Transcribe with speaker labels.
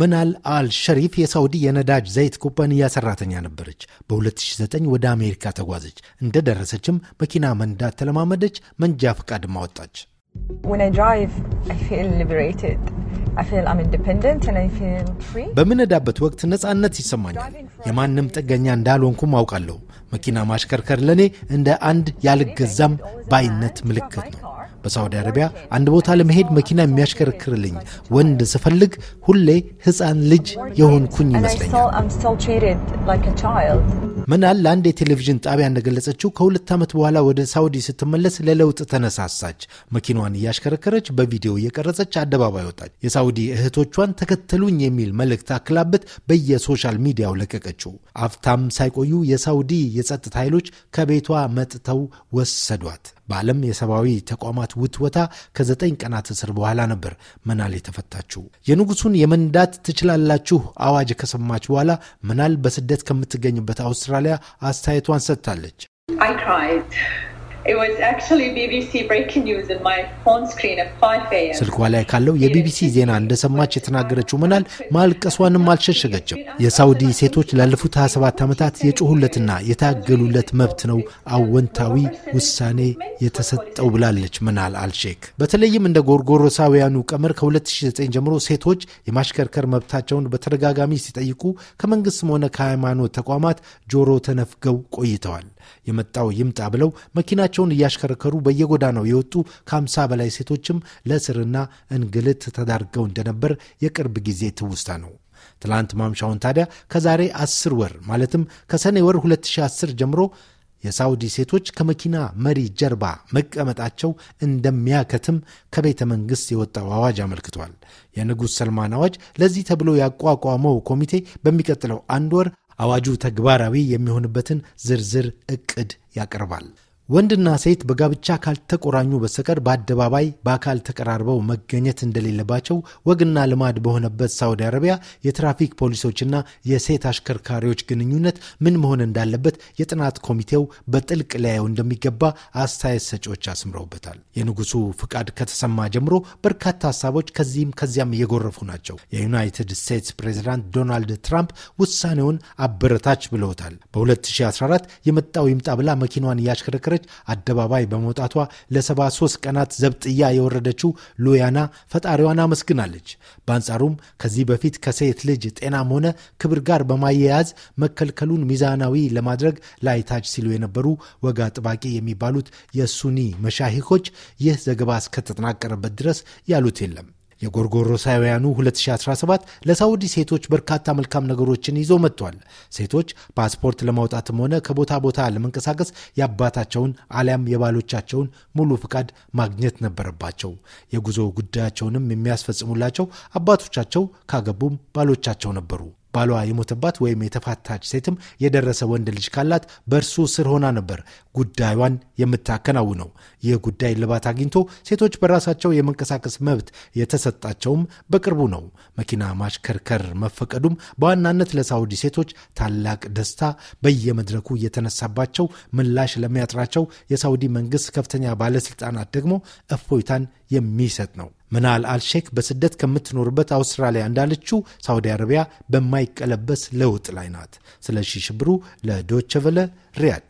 Speaker 1: መናል አል ሸሪፍ የሳውዲ የነዳጅ ዘይት ኩባንያ ሰራተኛ ነበረች። በ2009 ወደ አሜሪካ ተጓዘች። እንደደረሰችም መኪና መንዳት ተለማመደች። መንጃ ፈቃድም አወጣች። በምነዳበት ወቅት ነፃነት ይሰማኛል። የማንም ጥገኛ እንዳልሆንኩም አውቃለሁ። መኪና ማሽከርከር ለእኔ እንደ አንድ ያልገዛም ባይነት ምልክት ነው። በሳውዲ አረቢያ አንድ ቦታ ለመሄድ መኪና የሚያሽከረክርልኝ ወንድ ስፈልግ ሁሌ ሕፃን ልጅ የሆንኩኝ ይመስለኛል። መናል ለአንድ የቴሌቪዥን ጣቢያ እንደገለጸችው ከሁለት ዓመት በኋላ ወደ ሳውዲ ስትመለስ ለለውጥ ተነሳሳች። መኪናዋን እያሽከረከረች በቪዲዮ እየቀረጸች አደባባይ ወጣች። የሳውዲ እህቶቿን ተከተሉኝ የሚል መልእክት አክላበት በየሶሻል ሚዲያው ለቀቀችው። አፍታም ሳይቆዩ የሳውዲ የጸጥታ ኃይሎች ከቤቷ መጥተው ወሰዷት። በዓለም የሰብአዊ ተቋማት ውትወታ ከዘጠኝ ቀናት እስር በኋላ ነበር መናል የተፈታችው። የንጉሱን የመንዳት ትችላላችሁ አዋጅ ከሰማች በኋላ መናል በስደት ከምትገኝበት አውስትራ አውስትራሊያ አስተያየቷን ሰጥታለች። ስልኳ ላይ ካለው የቢቢሲ ዜና እንደሰማች የተናገረችው ምናል ማልቀሷንም አልሸሸገችም። የሳውዲ ሴቶች ላለፉት 27 ዓመታት የጮሁለትና የታገሉለት መብት ነው አወንታዊ ውሳኔ የተሰጠው ብላለች ምናል አልሼክ። በተለይም እንደ ጎርጎሮሳውያኑ ቀመር ከ2009 ጀምሮ ሴቶች የማሽከርከር መብታቸውን በተደጋጋሚ ሲጠይቁ ከመንግስትም ሆነ ከሃይማኖት ተቋማት ጆሮ ተነፍገው ቆይተዋል። የመጣው ይምጣ ብለው መኪና እጃቸውን እያሽከረከሩ በየጎዳናው የወጡ ከ50 በላይ ሴቶችም ለእስርና እንግልት ተዳርገው እንደነበር የቅርብ ጊዜ ትውስታ ነው። ትላንት ማምሻውን ታዲያ ከዛሬ 10 ወር ማለትም ከሰኔ ወር 2010 ጀምሮ የሳውዲ ሴቶች ከመኪና መሪ ጀርባ መቀመጣቸው እንደሚያከትም ከቤተ መንግሥት የወጣው አዋጅ አመልክቷል። የንጉሥ ሰልማን አዋጅ ለዚህ ተብሎ ያቋቋመው ኮሚቴ በሚቀጥለው አንድ ወር አዋጁ ተግባራዊ የሚሆንበትን ዝርዝር እቅድ ያቀርባል። ወንድና ሴት በጋብቻ ካልተቆራኙ በስተቀር በአደባባይ በአካል ተቀራርበው መገኘት እንደሌለባቸው ወግና ልማድ በሆነበት ሳውዲ አረቢያ የትራፊክ ፖሊሶችና የሴት አሽከርካሪዎች ግንኙነት ምን መሆን እንዳለበት የጥናት ኮሚቴው በጥልቅ ሊያየው እንደሚገባ አስተያየት ሰጪዎች አስምረውበታል። የንጉሱ ፍቃድ ከተሰማ ጀምሮ በርካታ ሀሳቦች ከዚህም ከዚያም እየጎረፉ ናቸው። የዩናይትድ ስቴትስ ፕሬዚዳንት ዶናልድ ትራምፕ ውሳኔውን አበረታች ብለውታል። በ2014 የመጣው ይምጣ ብላ መኪናዋን እያሽከረከረች እያለቀሰች አደባባይ በመውጣቷ ለ73 ቀናት ዘብጥያ የወረደችው ሉያና ፈጣሪዋን አመስግናለች። በአንጻሩም ከዚህ በፊት ከሴት ልጅ ጤናም ሆነ ክብር ጋር በማያያዝ መከልከሉን ሚዛናዊ ለማድረግ ላይታች ሲሉ የነበሩ ወግ አጥባቂ የሚባሉት የሱኒ መሻሂኮች ይህ ዘገባ እስከተጠናቀረበት ድረስ ያሉት የለም። የጎርጎሮሳውያኑ 2017 ለሳውዲ ሴቶች በርካታ መልካም ነገሮችን ይዞ መጥቷል። ሴቶች ፓስፖርት ለማውጣትም ሆነ ከቦታ ቦታ ለመንቀሳቀስ የአባታቸውን አሊያም የባሎቻቸውን ሙሉ ፍቃድ ማግኘት ነበረባቸው። የጉዞ ጉዳያቸውንም የሚያስፈጽሙላቸው አባቶቻቸው ካገቡም ባሎቻቸው ነበሩ። ባሏ የሞተባት ወይም የተፋታች ሴትም የደረሰ ወንድ ልጅ ካላት በእርሱ ስር ሆና ነበር ጉዳዩን የምታከናውነው። ይህ ጉዳይ ልባት አግኝቶ ሴቶች በራሳቸው የመንቀሳቀስ መብት የተሰጣቸውም በቅርቡ ነው። መኪና ማሽከርከር መፈቀዱም በዋናነት ለሳውዲ ሴቶች ታላቅ ደስታ በየመድረኩ እየተነሳባቸው ምላሽ ለሚያጥራቸው የሳውዲ መንግስት ከፍተኛ ባለስልጣናት ደግሞ እፎይታን የሚሰጥ ነው። ምናል አልሼክ በስደት ከምትኖርበት አውስትራሊያ እንዳለችው ሳውዲ አረቢያ በማይቀለበስ ለውጥ ላይ ናት። ስለ ሺሽብሩ ለዶቸቨለ ሪያድ